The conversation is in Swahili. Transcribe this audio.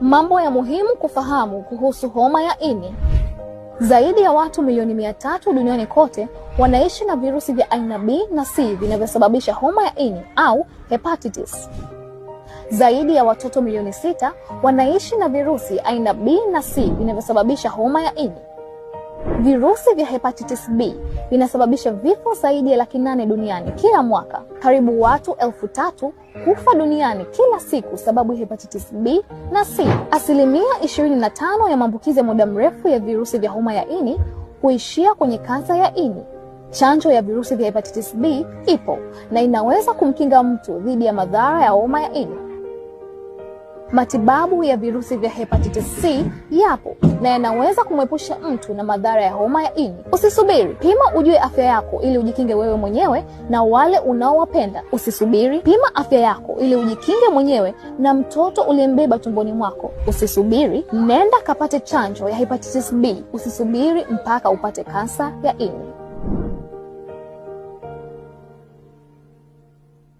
Mambo ya muhimu kufahamu kuhusu homa ya ini. Zaidi ya watu milioni mia tatu duniani kote wanaishi na virusi vya aina B na C vinavyosababisha homa ya ini au hepatitis. Zaidi ya watoto milioni sita wanaishi na virusi aina B na C vinavyosababisha homa ya ini. Virusi vya hepatitis B vinasababisha vifo zaidi ya laki nane duniani kila mwaka. Karibu watu elfu tatu hufa duniani kila siku sababu hepatitis B na C. Asilimia 25 ya maambukizi ya muda mrefu ya virusi vya homa ya ini huishia kwenye kansa ya ini. Chanjo ya virusi vya hepatitis B ipo na inaweza kumkinga mtu dhidi ya madhara ya homa ya ini. Matibabu ya virusi vya hepatitis C yapo na yanaweza kumwepusha mtu na madhara ya homa ya ini. Usisubiri, pima ujue afya yako ili ujikinge wewe mwenyewe na wale unaowapenda. Usisubiri, pima afya yako ili ujikinge mwenyewe na mtoto uliyembeba tumboni mwako. Usisubiri, nenda kapate chanjo ya hepatitis B. Usisubiri mpaka upate kansa ya ini.